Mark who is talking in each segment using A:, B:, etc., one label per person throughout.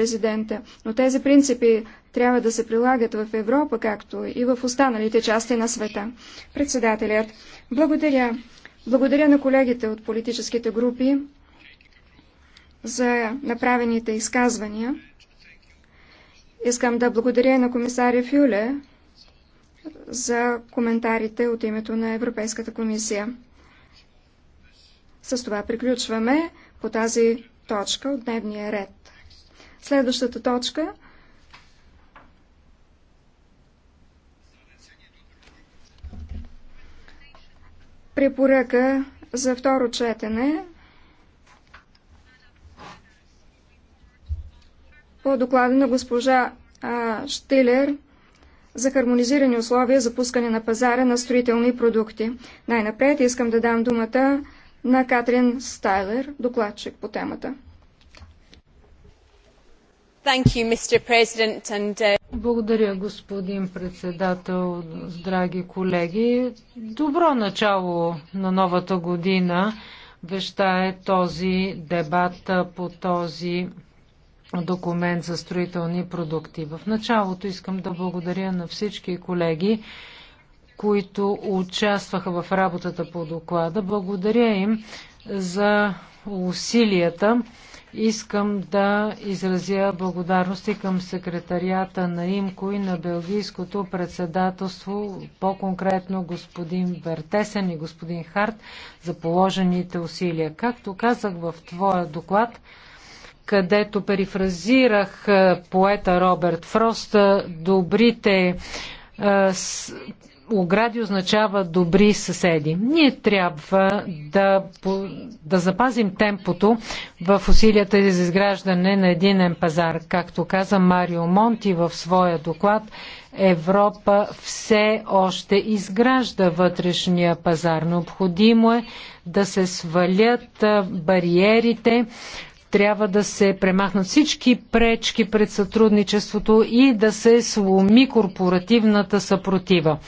A: президента. Но тези принципи трябва да се прилагат в Европа, както и в останалите части на света. Председателят, благодаря. Благодаря на колегите от политическите групи за направените изказвания. Искам да благодаря на комисаря Фюле за коментарите от името на Европейската комисия. С това приключваме по тази точка от дневния ред. Следващата точка. Препоръка за второ четене по доклада на госпожа а, Штилер за хармонизирани условия за пускане на пазара на строителни продукти. Най-напред искам да дам думата на Катрин Стайлер, докладчик по темата.
B: Uh, благодаря, господин председател, драги колеги. Добро начало на новата година вещае този дебат по този документ за строителни продукти. В началото искам да благодаря на всички колеги, които участваха в работата по доклада. Благодаря им за усилията Искам да изразя благодарности към секретарията на ИМКО и на Белгийското председателство, по-конкретно господин Бертесен и господин Харт, за положените усилия. Както казах в твоя доклад, където перифразирах е, поета Роберт Фрост, е, добрите е, огради означава добри съседи. Ние трябва да, да запазим темпото в усилията за изграждане на единен пазар. Както каза Марио Монти в своя доклад, Европа все още изгражда вътрешния пазар. Необходимо е да се свалят бариерите, трябва да се премахнат всички пречки пред сътрудничеството и да се сломи корпоративната съпротива.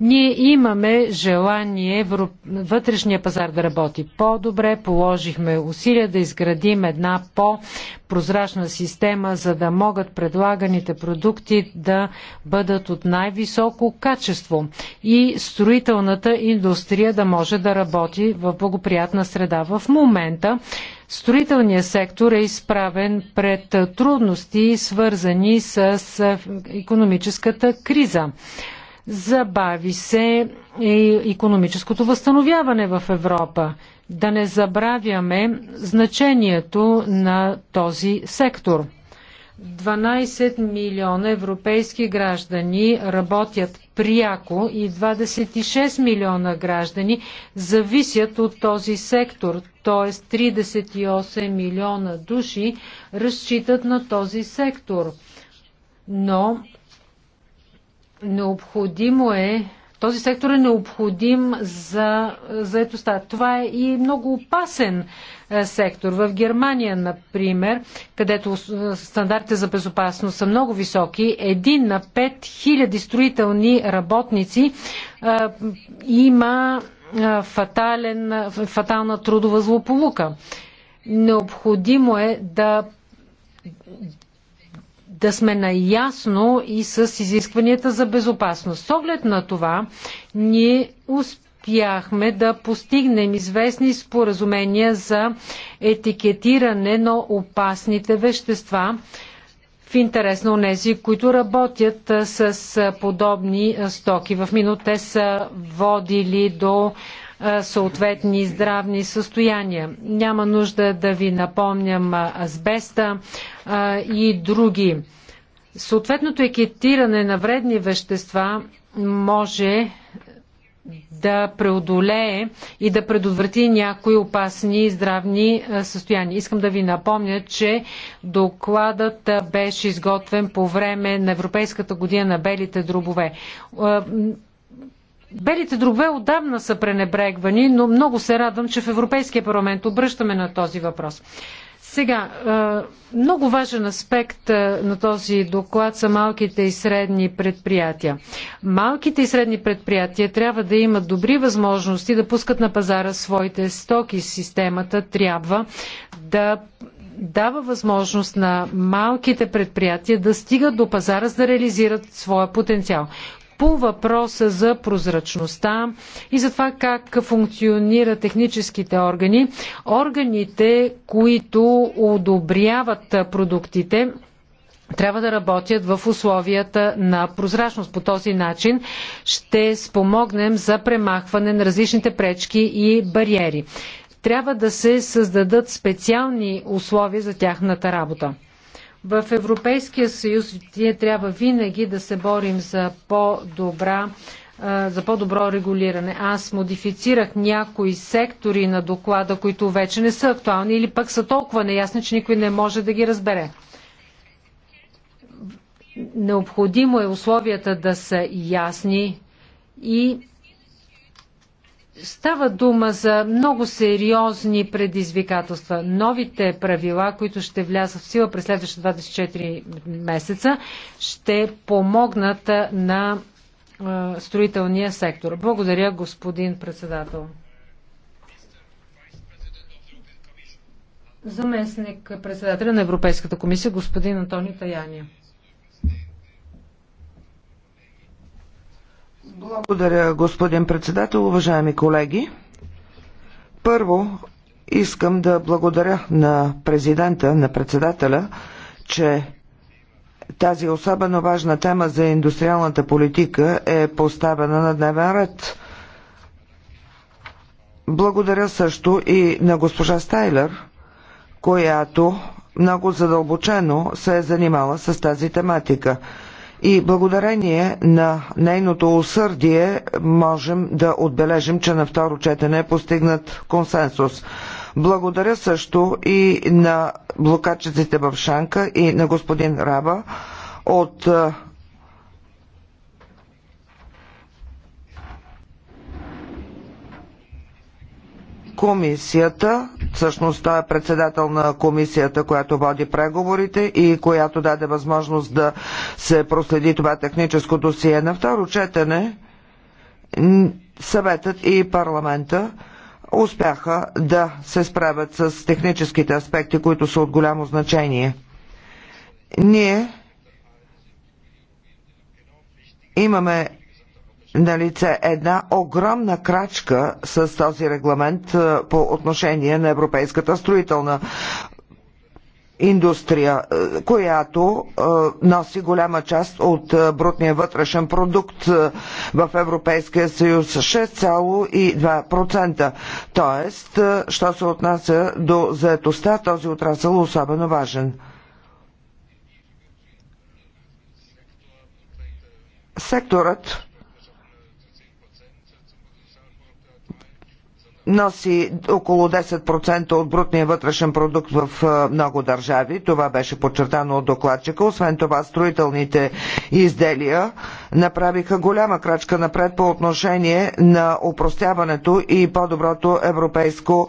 B: Ние имаме желание вътрешния пазар да работи по-добре, положихме усилия да изградим една по-прозрачна система, за да могат предлаганите продукти да бъдат от най-високо качество и строителната индустрия да може да работи в благоприятна среда. В момента Строителният сектор е изправен пред трудности, свързани с економическата криза. Забави се и економическото възстановяване в Европа. Да не забравяме значението на този сектор. 12 милиона европейски граждани работят пряко и 26 милиона граждани зависят от този сектор, т.е. 38 милиона души разчитат на този сектор. Но Необходимо е, този сектор е необходим за заетостта. Това е и много опасен е, сектор. В Германия, например, където е, стандартите за безопасност са много високи, един на пет хиляди строителни работници а, е, има фатален, фатална трудова злополука. Необходимо е да да сме наясно и с изискванията за безопасност. С оглед на това, ние успяхме да постигнем известни споразумения за етикетиране на опасните вещества в интерес на тези, които работят с подобни стоки. В минуте са водили до съответни здравни състояния. Няма нужда да ви напомням азбеста и други. Съответното екетиране на вредни вещества може да преодолее и да предотврати някои опасни здравни състояния. Искам да ви напомня, че докладът беше изготвен по време на Европейската година на белите дробове. Белите дробе отдавна са пренебрегвани, но много се радвам, че в Европейския парламент обръщаме на този въпрос. Сега, много важен аспект на този доклад са малките и средни предприятия. Малките и средни предприятия трябва да имат добри възможности да пускат на пазара своите стоки. Системата трябва да дава възможност на малките предприятия да стигат до пазара, за да реализират своя потенциал по въпроса за прозрачността и за това как функционират техническите органи. Органите, които одобряват продуктите, трябва да работят в условията на прозрачност. По този начин ще спомогнем за премахване на различните пречки и бариери. Трябва да се създадат специални условия за тяхната работа. В Европейския съюз ние трябва винаги да се борим за по-добра за по-добро регулиране. Аз модифицирах някои сектори на доклада, които вече не са актуални или пък са толкова неясни, че никой не може да ги разбере. Необходимо е условията да са ясни и Става дума за много сериозни предизвикателства. Новите правила, които ще влязат в сила през следващите 24 месеца, ще помогнат на строителния сектор. Благодаря, господин председател. Заместник председателя на Европейската комисия, господин Антонио Таяния.
C: Благодаря, господин председател, уважаеми колеги. Първо, искам да благодаря на президента, на председателя, че тази особено важна тема за индустриалната политика е поставена на дневен ред. Благодаря също и на госпожа Стайлер, която много задълбочено се е занимала с тази тематика и благодарение на нейното усърдие можем да отбележим, че на второ четене е постигнат консенсус. Благодаря също и на блокачиците в Шанка и на господин Раба от комисията, всъщност той е председател на комисията, която води преговорите и която даде възможност да се проследи това техническо досие. На второ четене съветът и парламента успяха да се справят с техническите аспекти, които са от голямо значение. Ние имаме на лице една огромна крачка с този регламент е, по отношение на европейската строителна индустрия, е, която е, носи голяма част от брутния вътрешен продукт в Европейския съюз 6,2%. Тоест, що се отнася до заетостта, този отрасъл е особено важен. Секторът носи около 10% от брутния вътрешен продукт в много държави. Това беше подчертано от докладчика. Освен това, строителните изделия направиха голяма крачка напред по отношение на упростяването и по-доброто европейско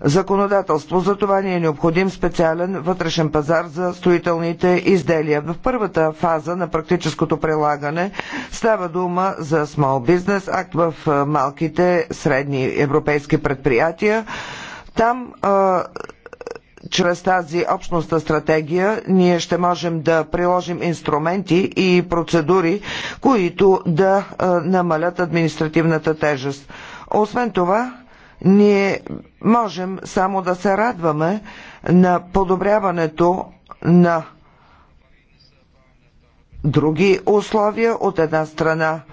C: законодателство. За това ни е необходим специален вътрешен пазар за строителните изделия. В първата фаза на практическото прилагане става дума за Small Business Act в малките средни европейски предприятия. Там чрез тази общностна стратегия ние ще можем да приложим инструменти и процедури, които да намалят административната тежест. Освен това, ние можем само да се радваме на подобряването на други условия от една страна –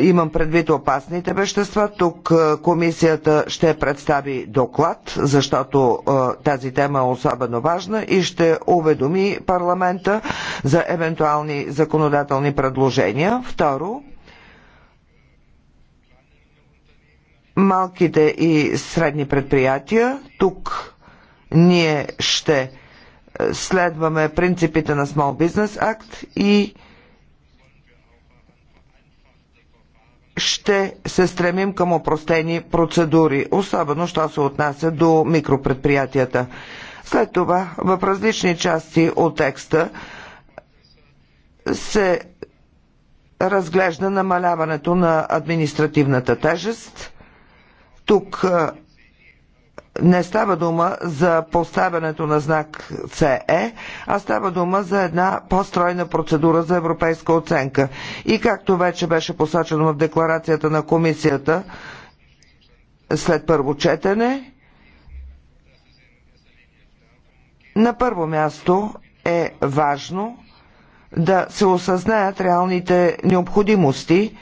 C: Имам предвид опасните вещества. Тук е, комисията ще представи доклад, защото е, тази тема е особено важна и ще уведоми парламента за евентуални законодателни предложения. Второ, малките и средни предприятия. Тук ние ще е, следваме принципите на Small Business Act и ще се стремим към опростени процедури, особено що се отнася до микропредприятията. След това в различни части от текста се разглежда намаляването на административната тежест. Тук не става дума за поставянето на знак CE, е, а става дума за една по-стройна процедура за европейска оценка. И както вече беше посочено в декларацията на комисията след първо четене, на първо място е важно да се осъзнаят реалните необходимости,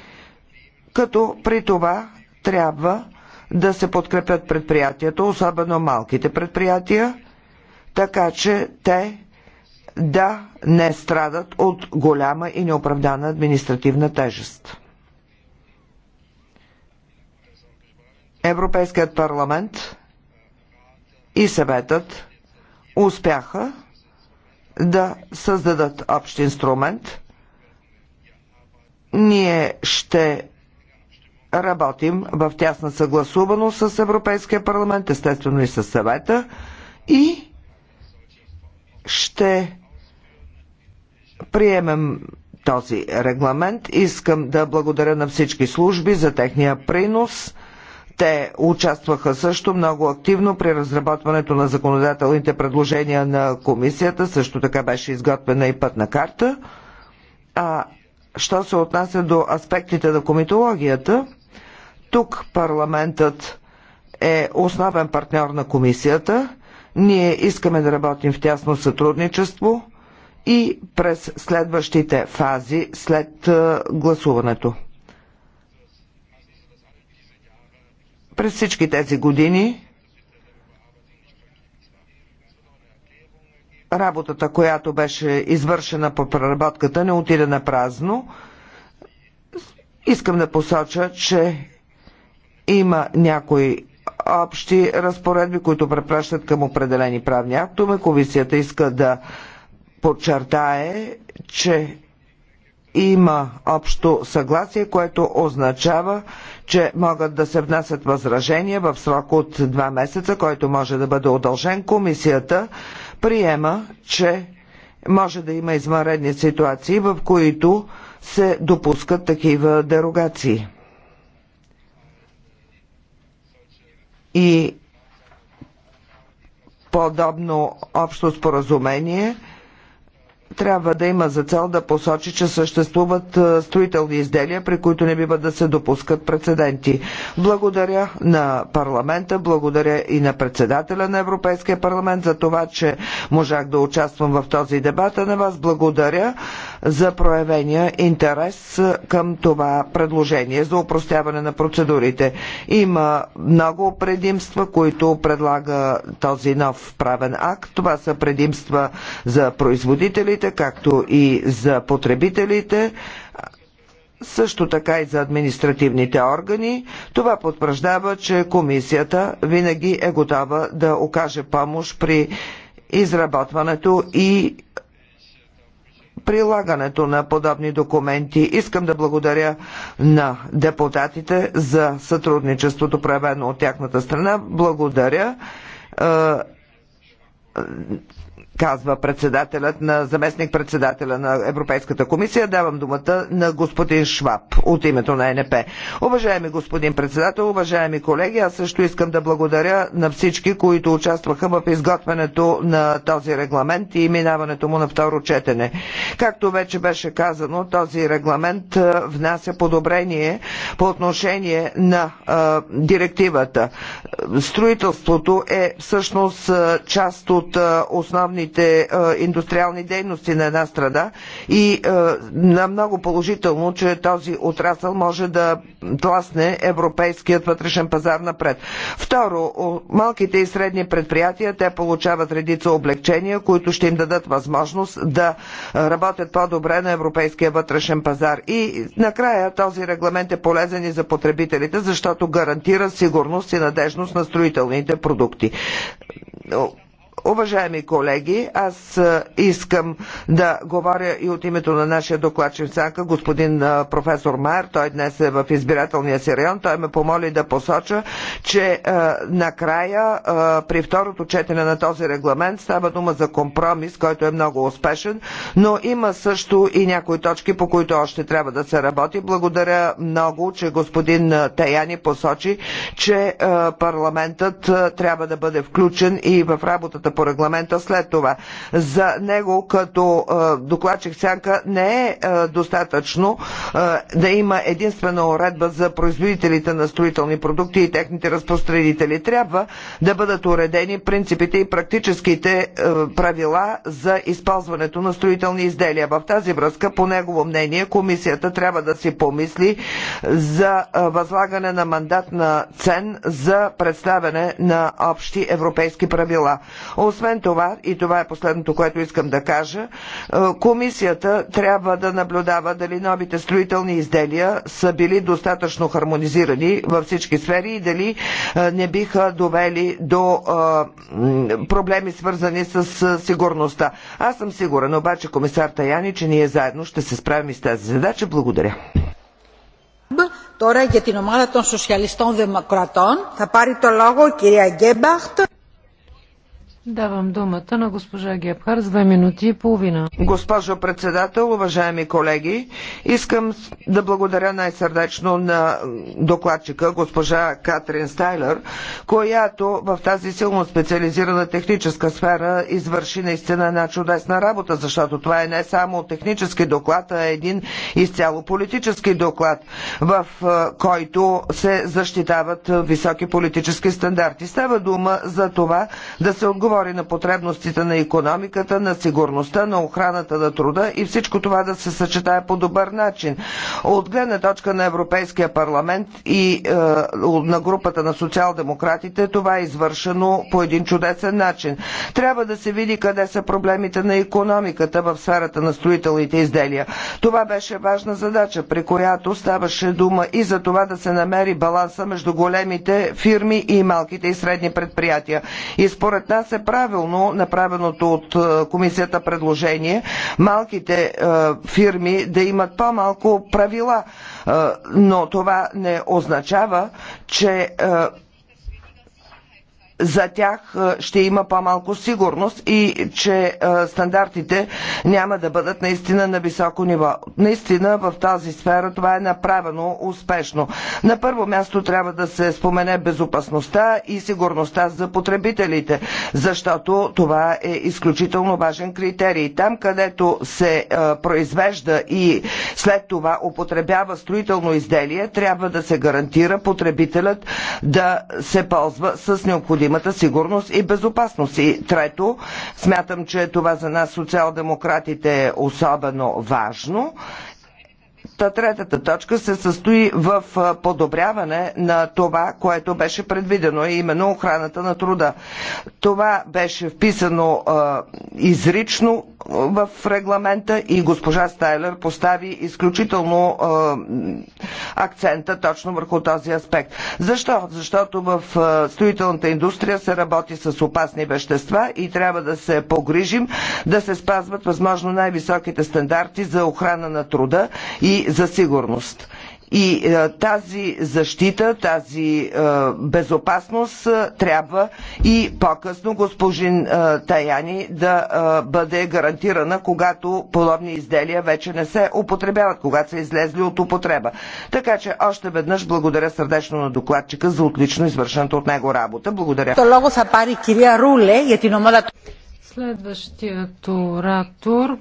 C: като при това трябва да се подкрепят предприятията, особено малките предприятия, така че те да не страдат от голяма и неоправдана административна тежест. Европейският парламент и съветът успяха да създадат общ инструмент. Ние ще работим в тясна съгласуваност с Европейския парламент, естествено и с съвета и ще приемем този регламент. Искам да благодаря на всички служби за техния принос. Те участваха също много активно при разработването на законодателните предложения на комисията. Също така беше изготвена и пътна карта. А що се отнася до аспектите на комитологията, тук парламентът е основен партньор на комисията. Ние искаме да работим в тясно сътрудничество и през следващите фази след гласуването. През всички тези години работата, която беше извършена по преработката, не отиде на празно. Искам да посоча, че има някои общи разпоредби, които препращат към определени правни актове. Комисията иска да подчертае, че има общо съгласие, което означава, че могат да се внасят възражения в срок от два месеца, който може да бъде удължен. Комисията приема, че може да има извънредни ситуации, в които се допускат такива дерогации. и подобно общо споразумение трябва да има за цел да посочи, че съществуват е, строителни изделия, при които не бива да се допускат прецеденти. Благодаря на парламента, благодаря и на председателя на Европейския парламент за това, че можах да участвам в този дебат. А на вас благодаря за проявения интерес към това предложение за упростяване на процедурите. Има много предимства, които предлага този нов правен акт. Това са предимства за производителите, както и за потребителите също така и за административните органи. Това потвърждава, че комисията винаги е готова да окаже помощ при изработването и прилагането на подобни документи. Искам да благодаря на депутатите за сътрудничеството, проявено от тяхната страна. Благодаря е, казва председателят на заместник председателя на Европейската комисия. Давам думата на господин Шваб от името на НП. Уважаеми господин председател, уважаеми колеги, аз също искам да благодаря на всички, които участваха в изготвянето на този регламент и минаването му на второ четене. Както вече беше казано, този регламент внася подобрение по отношение на а, директивата. Строителството е всъщност част от основни а, индустриални дейности на една страна и на много положително, че този отрасъл може да тласне европейският вътрешен пазар напред. Второ, малките и средни предприятия, те получават редица облегчения, които ще им дадат възможност да работят по-добре на европейския вътрешен пазар. И накрая този регламент е полезен и за потребителите, защото гарантира сигурност и надежност на строителните продукти. Уважаеми колеги, аз искам да говоря и от името на нашия докладчик Санка, господин професор Майер. Той днес е в избирателния си район. Той ме помоли да посоча, че накрая при второто четене на този регламент става дума за компромис, който е много успешен, но има също и някои точки, по които още трябва да се работи. Благодаря много, че господин Таяни посочи, че парламентът трябва да бъде включен и в работата работата по регламента след това. За него като е, докладчик сянка не е, е достатъчно е, да има единствена уредба за производителите на строителни продукти и техните разпространители. Трябва да бъдат уредени принципите и практическите правила за използването на строителни изделия. В тази връзка, по негово мнение, комисията трябва да си помисли за възлагане на мандат на цен за представяне на общи европейски правила. Освен това, и това е последното, което искам да кажа, е, комисията трябва да наблюдава дали новите строителни изделия са били достатъчно хармонизирани във всички сфери и дали е, не биха довели до е, проблеми свързани с сигурността. Аз съм сигурен, обаче комисар Таяни, че ние заедно ще се справим и с тази задача. Благодаря.
A: Τώρα
B: για την ομάδα των Σοσιαλιστών Δημοκρατών θα πάρει το λόγο η κυρία Γκέμπαχτ. Давам думата на госпожа Гепхар с две минути и половина.
C: Госпожо председател, уважаеми колеги, искам да благодаря най-сърдечно на докладчика госпожа Катрин Стайлер, която в тази силно специализирана техническа сфера извърши наистина една чудесна работа, защото това е не само технически доклад, а е един изцяло политически доклад, в който се защитават високи политически стандарти. Става дума за това да се отговори отговори на потребностите на економиката, на сигурността, на охраната на труда и всичко това да се съчетае по добър начин. От гледна точка на Европейския парламент и е, на групата на социал-демократите това е извършено по един чудесен начин. Трябва да се види къде са проблемите на економиката в сферата на строителните изделия. Това беше важна задача, при която ставаше дума и за това да се намери баланса между големите фирми и малките и средни предприятия. И според нас е неправилно правилно направеното от е, комисията предложение малките е, фирми да имат по-малко правила, е, но това не означава, че за тях е, ще има по-малко сигурност и че е, стандартите няма да бъдат наистина на високо ниво. Наистина в тази сфера това е направено успешно. На първо място трябва да се спомене безопасността и сигурността за потребителите, защото това е изключително важен критерий. Там, където се е, произвежда и след това употребява строително изделие, трябва да се гарантира потребителят да се ползва с необходимата необходимата сигурност и безопасност. И трето, смятам, че това за нас социал-демократите е особено важно Та третата точка се състои в подобряване на това, което беше предвидено, и именно охраната на труда. Това беше вписано а, изрично в регламента и госпожа Стайлер постави изключително е, акцента точно върху този аспект. Защо? Защото в е, строителната индустрия се работи с опасни вещества и трябва да се погрижим да се спазват възможно най-високите стандарти за охрана на труда и за сигурност. И е, тази защита, тази е, безопасност е, трябва и по-късно господин Таяни да бъде гарантирана, когато подобни изделия вече не се употребяват, когато са излезли от употреба. Така че още веднъж благодаря сърдечно на докладчика за отлично извършената от него работа. Благодаря.
B: Следващият оратор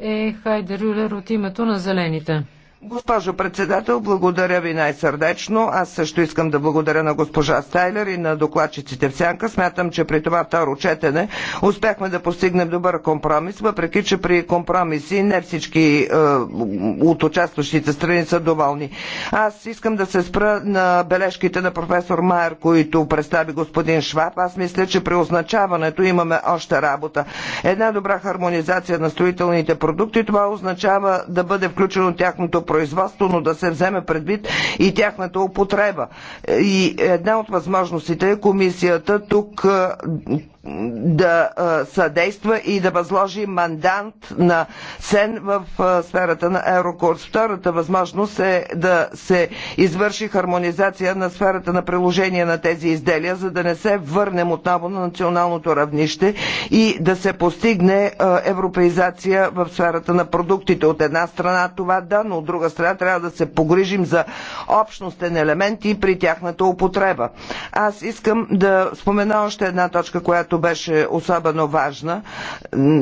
B: е Хайдер Рюлер от името на Зелените.
C: Госпожо председател, благодаря ви най-сърдечно. Аз също искам да благодаря на госпожа Стайлер и на докладчиците в Сянка. Смятам, че при това второ четене успяхме да постигнем добър компромис, въпреки че при компромиси не всички е, от участващите страни са доволни. Аз искам да се спра на бележките на професор Майер, които представи господин Шваб. Аз мисля, че при означаването имаме още работа. Една добра хармонизация на строителните продукти, това означава да бъде включено тяхното производство, но да се вземе предвид и тяхната употреба. И една от възможностите е комисията тук да съдейства и да възложи мандант на СЕН в сферата на Еврокурс. Втората възможност е да се извърши хармонизация на сферата на приложение на тези изделия, за да не се върнем отново на националното равнище и да се постигне европеизация в сферата на продуктите. От една страна това да, но от друга страна трябва да се погрижим за общностен елемент и при тяхната употреба. Аз искам да спомена още една точка, която която беше особено важна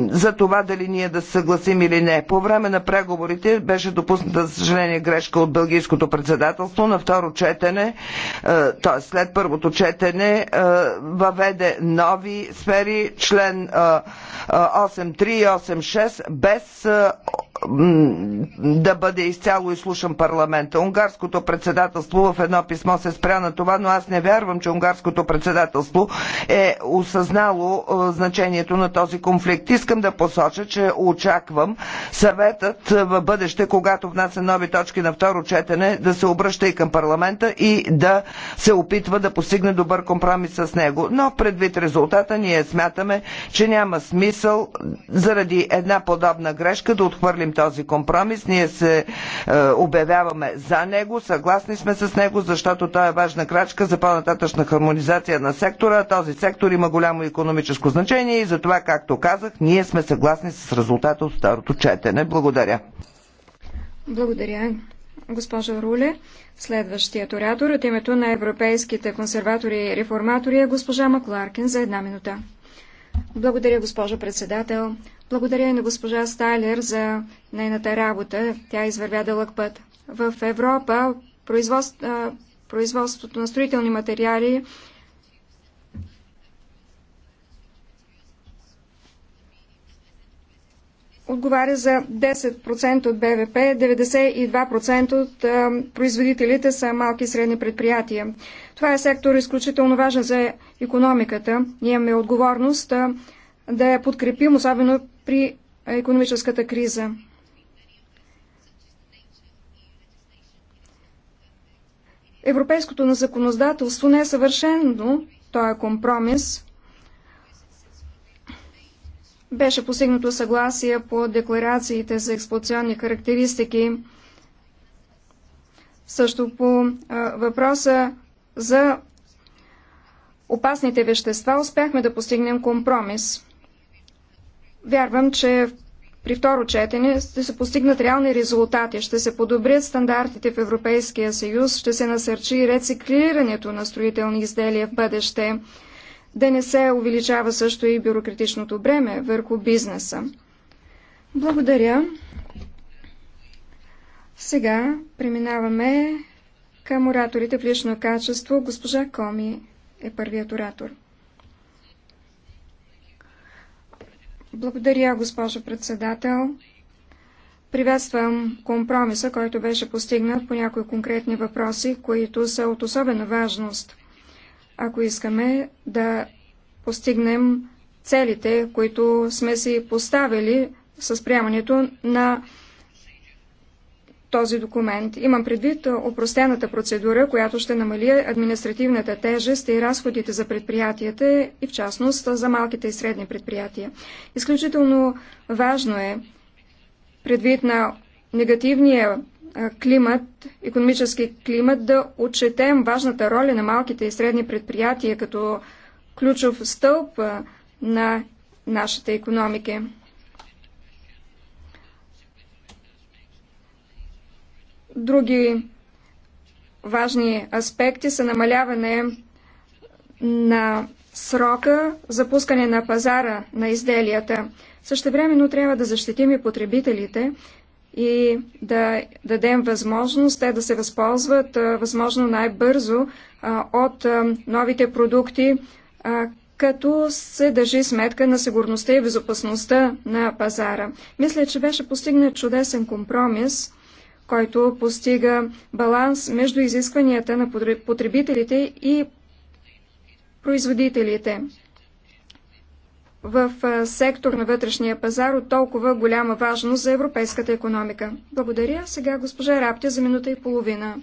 C: за това дали ние да се съгласим или не. По време на преговорите беше допусната, за съжаление, грешка от бългийското председателство на второ четене, е, т.е. след първото четене, е, въведе нови сфери, член 8.3 е, и 8.6, без да бъде изцяло изслушан парламента. Унгарското председателство в едно писмо се спря на това, но аз не вярвам, че унгарското председателство е осъзнало е, значението на този конфликт. Искам да посоча, че очаквам съветът в бъдеще, когато внася нови точки на второ четене, да се обръща и към парламента и да се опитва да постигне добър компромис с него. Но предвид резултата ние смятаме, че няма смисъл заради една подобна грешка да отхвърлим подкрепим този компромис. Ние се е, обявяваме за него, съгласни сме с него, защото той е важна крачка за по-нататъчна хармонизация на сектора. Този сектор има голямо економическо значение и затова, както казах, ние сме съгласни с резултата от старото четене. Благодаря.
A: Благодаря, госпожа Руле. Следващият оратор от името на европейските консерватори и реформатори е госпожа Макларкин за една минута. Благодаря, госпожо председател. Благодаря и на госпожа Стайлер за нейната работа. Тя извървя дълъг път. В Европа производство, производството на строителни материали отговаря за 10% от БВП, 92% от производителите са малки и средни предприятия. Това е сектор изключително важен за економиката. Ние имаме отговорност да я подкрепим, особено при економическата криза. Европейското на законодателство не е съвършено, то е компромис. Беше постигнато съгласие по декларациите за експлуатационни характеристики, също по а, въпроса за опасните вещества успяхме да постигнем компромис. Вярвам, че при второ четене ще се постигнат реални резултати, ще се подобрят стандартите в Европейския съюз, ще се насърчи рециклирането на строителни изделия в бъдеще, да не се увеличава също и бюрократичното бреме върху бизнеса. Благодаря. Сега преминаваме към ораторите в лично качество. Госпожа Коми е първият оратор. Благодаря, госпожо председател. Приветствам компромиса, който беше постигнат по някои конкретни въпроси, които са от особена важност, ако искаме да постигнем целите, които сме си поставили с приемането на този документ. Имам предвид опростената процедура, която ще намали административната тежест и разходите за предприятията и в частност за малките и средни предприятия. Изключително важно е предвид на негативния климат, економически климат, да отчетем важната роля на малките и средни предприятия като ключов стълб на нашите економики. Други важни аспекти са намаляване на срока за пускане на пазара на изделията. Също времено трябва да защитим и потребителите и да дадем възможност те да се възползват възможно най-бързо от новите продукти, като се държи сметка на сигурността и безопасността на пазара. Мисля, че беше постигнат чудесен компромис – който постига баланс между изискванията на потребителите и производителите. В сектор на вътрешния пазар от толкова голяма важност за европейската економика. Благодаря. Сега госпожа Раптя за минута и половина.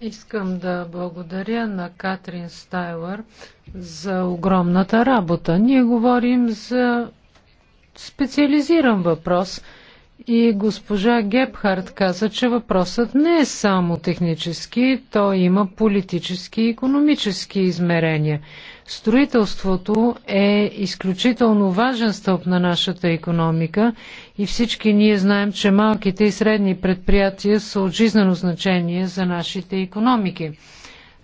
B: Искам да благодаря на Катрин Стайлър за огромната работа. Ние говорим за специализиран въпрос – и госпожа Гепхард каза, че въпросът не е само технически, то има политически и економически измерения. Строителството е изключително важен стълб на нашата економика и всички ние знаем, че малките и средни предприятия са от жизнено значение за нашите економики.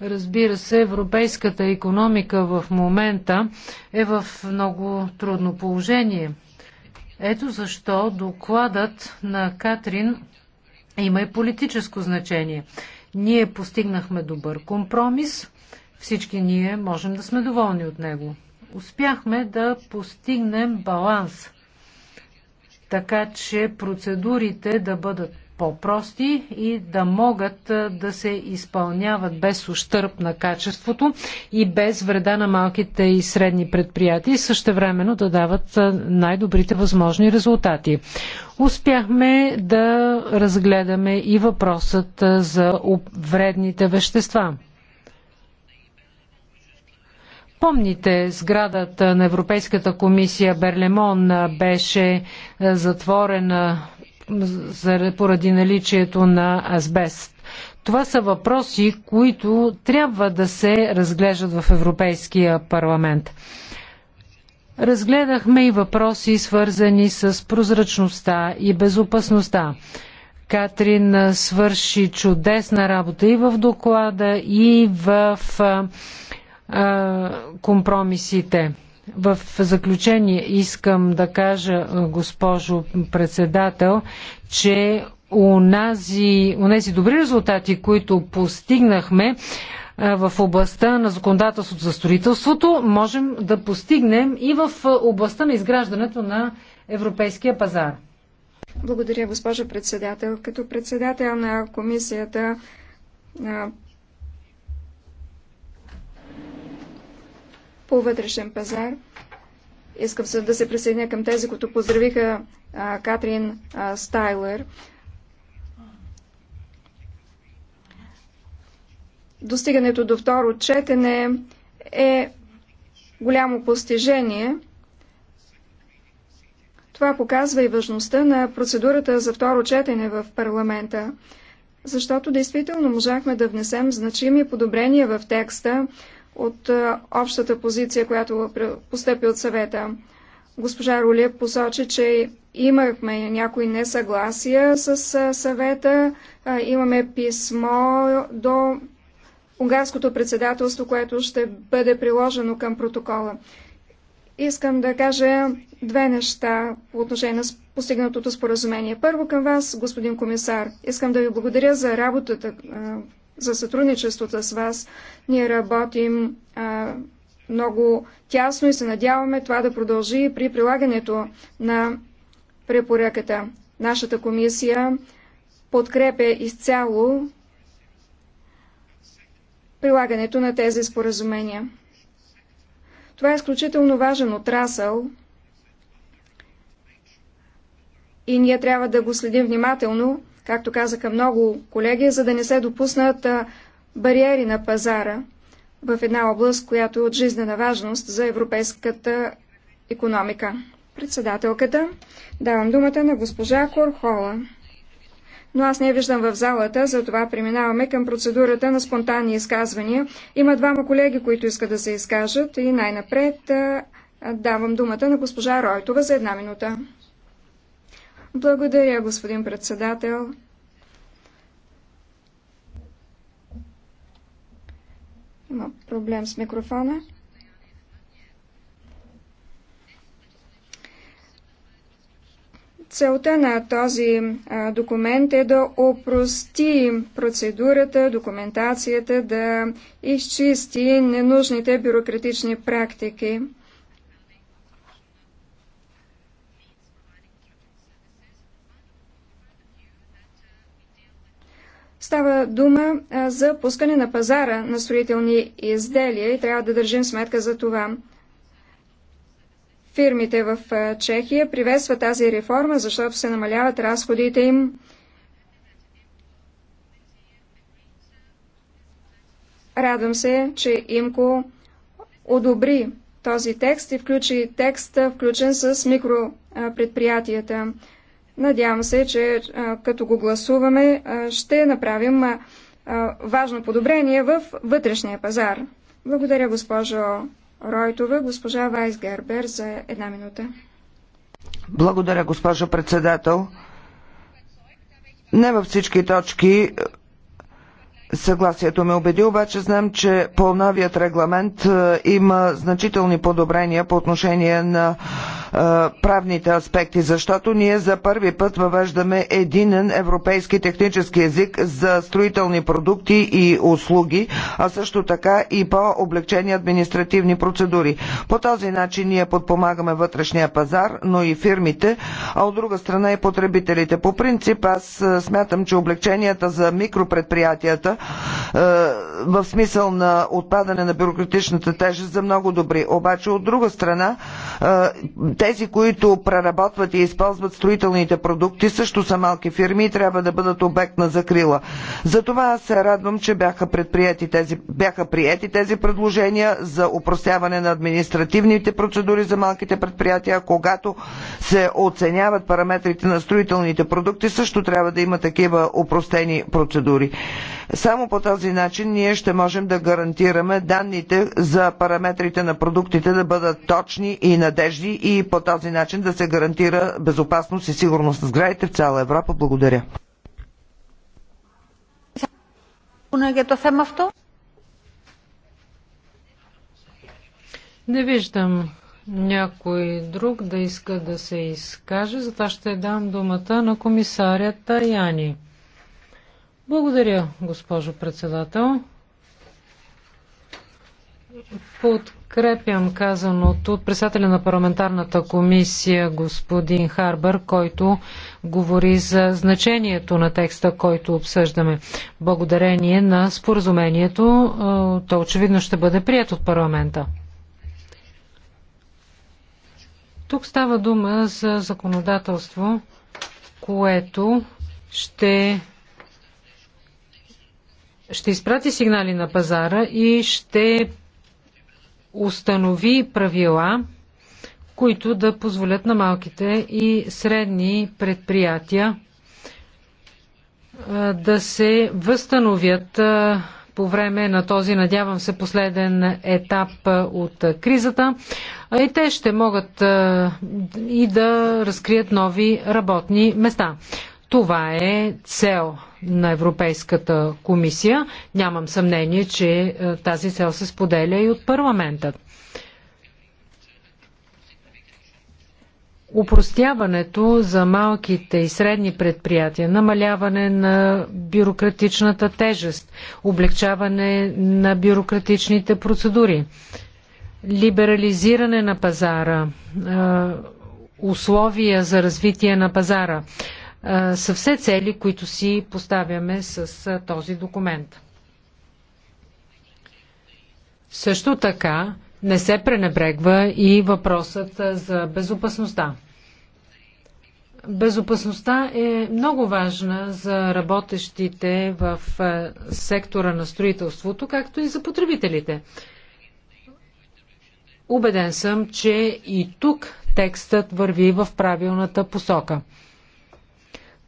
B: Разбира се, европейската економика в момента е в много трудно положение. Ето защо докладът на Катрин има и политическо значение. Ние постигнахме добър компромис, всички ние можем да сме доволни от него. Успяхме да постигнем баланс, така че процедурите да бъдат по-прости и да могат да се изпълняват без ущърп на качеството и без вреда на малките и средни предприятия и същевременно да дават най-добрите възможни резултати. Успяхме да разгледаме и въпросът за вредните вещества. Помните, сградата на Европейската комисия Берлемон беше затворена поради наличието на азбест. Това са въпроси, които трябва да се разглеждат в Европейския парламент. Разгледахме и въпроси, свързани с прозрачността и безопасността. Катрин свърши чудесна работа и в доклада, и в а, компромисите. В заключение искам да кажа, госпожо председател, че унази, унези добри резултати, които постигнахме в областта на законодателството за строителството, можем да постигнем и в областта на изграждането на европейския пазар.
A: Благодаря, госпожо председател. Като председател на комисията по вътрешен пазар. Искам се да се присъединя към тези, които поздравиха а, Катрин а, Стайлер. Достигането до второ четене е голямо постижение. Това показва и важността на процедурата за второ четене в парламента, защото действително можахме да внесем значими подобрения в текста, от е, общата позиция, която постъпи от съвета. Госпожа Руле посочи, че имахме някои несъгласия с е, съвета. Е, имаме писмо до унгарското председателство, което ще бъде приложено към протокола. Искам да кажа две неща по отношение на постигнатото споразумение. Първо към вас, господин комисар. Искам да ви благодаря за работата, за сътрудничеството с вас. Ние работим а, много тясно и се надяваме това да продължи при прилагането на препоръката. Нашата комисия подкрепя изцяло прилагането на тези споразумения. Това е изключително важен отрасъл и ние трябва да го следим внимателно, както казаха много колеги, за да не се допуснат бариери на пазара в една област, която е от жизнена важност за европейската економика. Председателката, давам думата на госпожа Корхола. Но аз не виждам в залата, затова преминаваме към процедурата на спонтанни изказвания. Има двама колеги, които искат да се изкажат и най-напред давам думата на госпожа Ройтова за една минута. Благодаря, господин председател. Има проблем с микрофона. Целта на този документ е да опрости процедурата, документацията, да изчисти ненужните бюрократични практики. Става дума за пускане на пазара на строителни изделия и трябва да държим сметка за това. Фирмите в Чехия приветстват тази реформа, защото се намаляват разходите им. Радвам се, че Имко одобри този текст и включи текст, включен с микропредприятията. Надявам се, че като го гласуваме, ще направим важно подобрение в вътрешния пазар. Благодаря, госпожо Ройтова, госпожа Вайс Гербер за една минута.
C: Благодаря, госпожо председател. Не във всички точки Съгласието ме убеди, обаче знам, че по новият регламент има значителни подобрения по отношение на правните аспекти, защото ние за първи път въвеждаме единен европейски технически език за строителни продукти и услуги, а също така и по-облегчени административни процедури. По този начин ние подпомагаме вътрешния пазар, но и фирмите, а от друга страна и потребителите. По принцип аз смятам, че облегченията за микропредприятията в смисъл на отпадане на бюрократичната тежест за много добри. Обаче от друга страна тези, които преработват и използват строителните продукти, също са малки фирми и трябва да бъдат обект на закрила. Затова аз се радвам, че бяха, предприяти тези, бяха приети тези предложения за упростяване на административните процедури за малките предприятия, когато се оценяват параметрите на строителните продукти, също трябва да има такива упростени процедури. Само по този начин ние ще можем да гарантираме данните за параметрите на продуктите да бъдат точни и надежди и по този начин да се гарантира безопасност и сигурност на сградите в цяла Европа. Благодаря.
B: Не виждам някой друг да иска да се изкаже, затова ще дам думата на комисаря Таяни. Благодаря, госпожо председател. Подкрепям казаното от председателя на парламентарната комисия господин Харбър, който говори за значението на текста, който обсъждаме. Благодарение на споразумението, то очевидно ще бъде прият от парламента. Тук става дума за законодателство, което ще ще изпрати сигнали на пазара и ще установи правила, които да позволят на малките и средни предприятия да се възстановят по време на този, надявам се, последен етап от кризата. И те ще могат и да разкрият нови работни места. Това е цел на Европейската комисия. Нямам съмнение, че е, тази цел се споделя и от парламента. Упростяването за малките и средни предприятия, намаляване на бюрократичната тежест, облегчаване на бюрократичните процедури, либерализиране на пазара, е, условия за развитие на пазара, са все цели, които си поставяме с този документ. Също така не се пренебрегва и въпросът за безопасността. Безопасността е много важна за работещите в сектора на строителството, както и за потребителите. Убеден съм, че и тук текстът върви в правилната посока.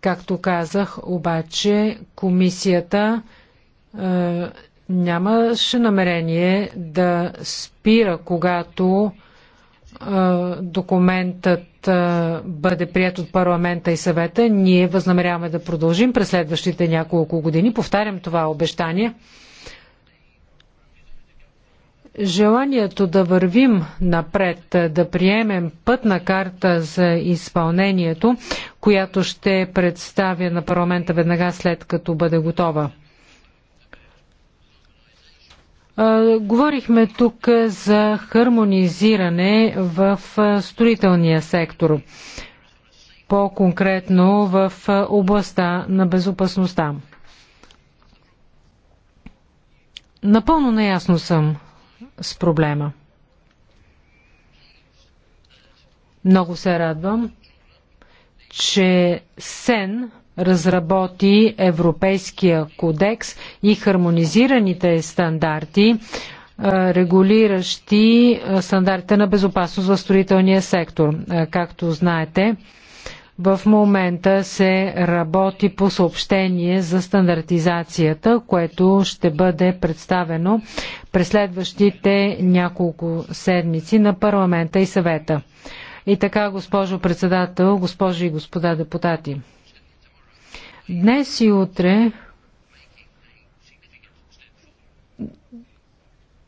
B: Както казах, обаче комисията е, нямаше намерение да спира, когато е, документът е, бъде прият от парламента и съвета. Ние възнамеряваме да продължим през следващите няколко години. Повтарям това обещание. Желанието да вървим напред, да приемем пътна карта за изпълнението, която ще представя на парламента веднага след като бъде готова. Говорихме тук за хармонизиране в строителния сектор, по-конкретно в областта на безопасността. Напълно наясно съм с проблема. Много се радвам, че СЕН разработи Европейския кодекс и хармонизираните стандарти, регулиращи стандартите на безопасност в строителния сектор. Както знаете, в момента се работи по съобщение за стандартизацията, което ще бъде представено през следващите няколко седмици на парламента и съвета. И така, госпожо председател, госпожи и господа депутати. Днес и утре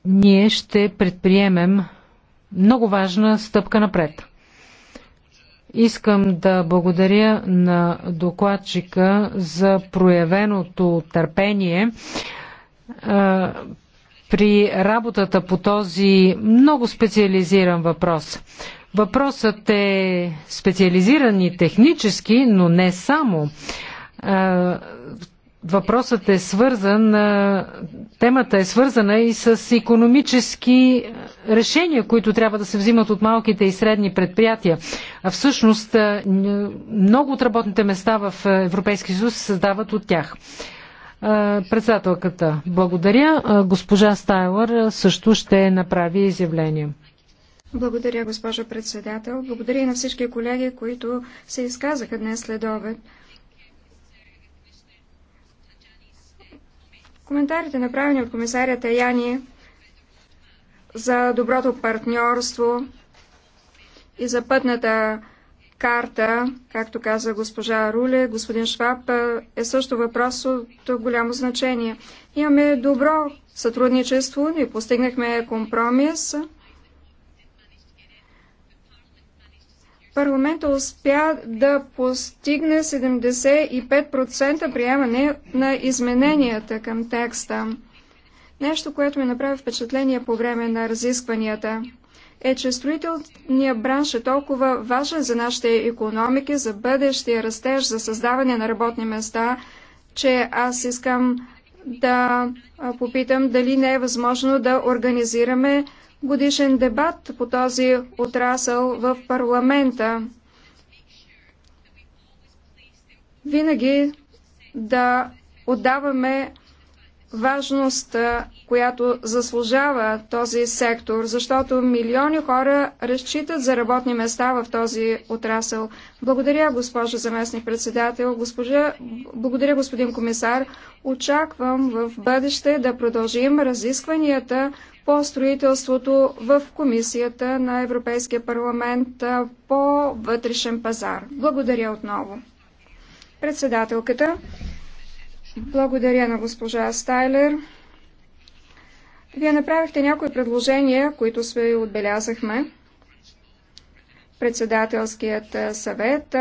B: ние ще предприемем много важна стъпка напред. Искам да благодаря на докладчика за проявеното търпение при работата по този много специализиран въпрос. Въпросът е специализиран и технически, но не само въпросът е свързан, темата е свързана и с економически решения, които трябва да се взимат от малките и средни предприятия. А всъщност много от работните места в Европейския съюз се създават от тях. Председателката, благодаря. Госпожа Стайлър също ще направи изявление.
A: Благодаря, госпожа председател. Благодаря и на всички колеги, които се изказаха днес след обед. Коментарите, направени от комисаря Таяни за доброто партньорство и за пътната карта, както каза госпожа Руле, господин Шваб, е също въпрос от голямо значение. Имаме добро сътрудничество, ние постигнахме компромис парламента успя да постигне 75% приемане на измененията към текста. Нещо, което ми направи впечатление по време на разискванията, е, че строителният бранш е толкова важен за нашите економики, за бъдещия растеж, за създаване на работни места, че аз искам да попитам дали не е възможно да организираме годишен дебат по този отрасъл в парламента. Винаги да отдаваме важност, която заслужава този сектор, защото милиони хора разчитат за работни места в този отрасъл. Благодаря, госпожо заместник председател, госпожа, благодаря, господин комисар. Очаквам в бъдеще да продължим разискванията по строителството в Комисията на Европейския парламент по вътрешен пазар. Благодаря отново. Председателката, благодаря на госпожа Стайлер. Вие направихте някои предложения, които сме отбелязахме. Председателският съвет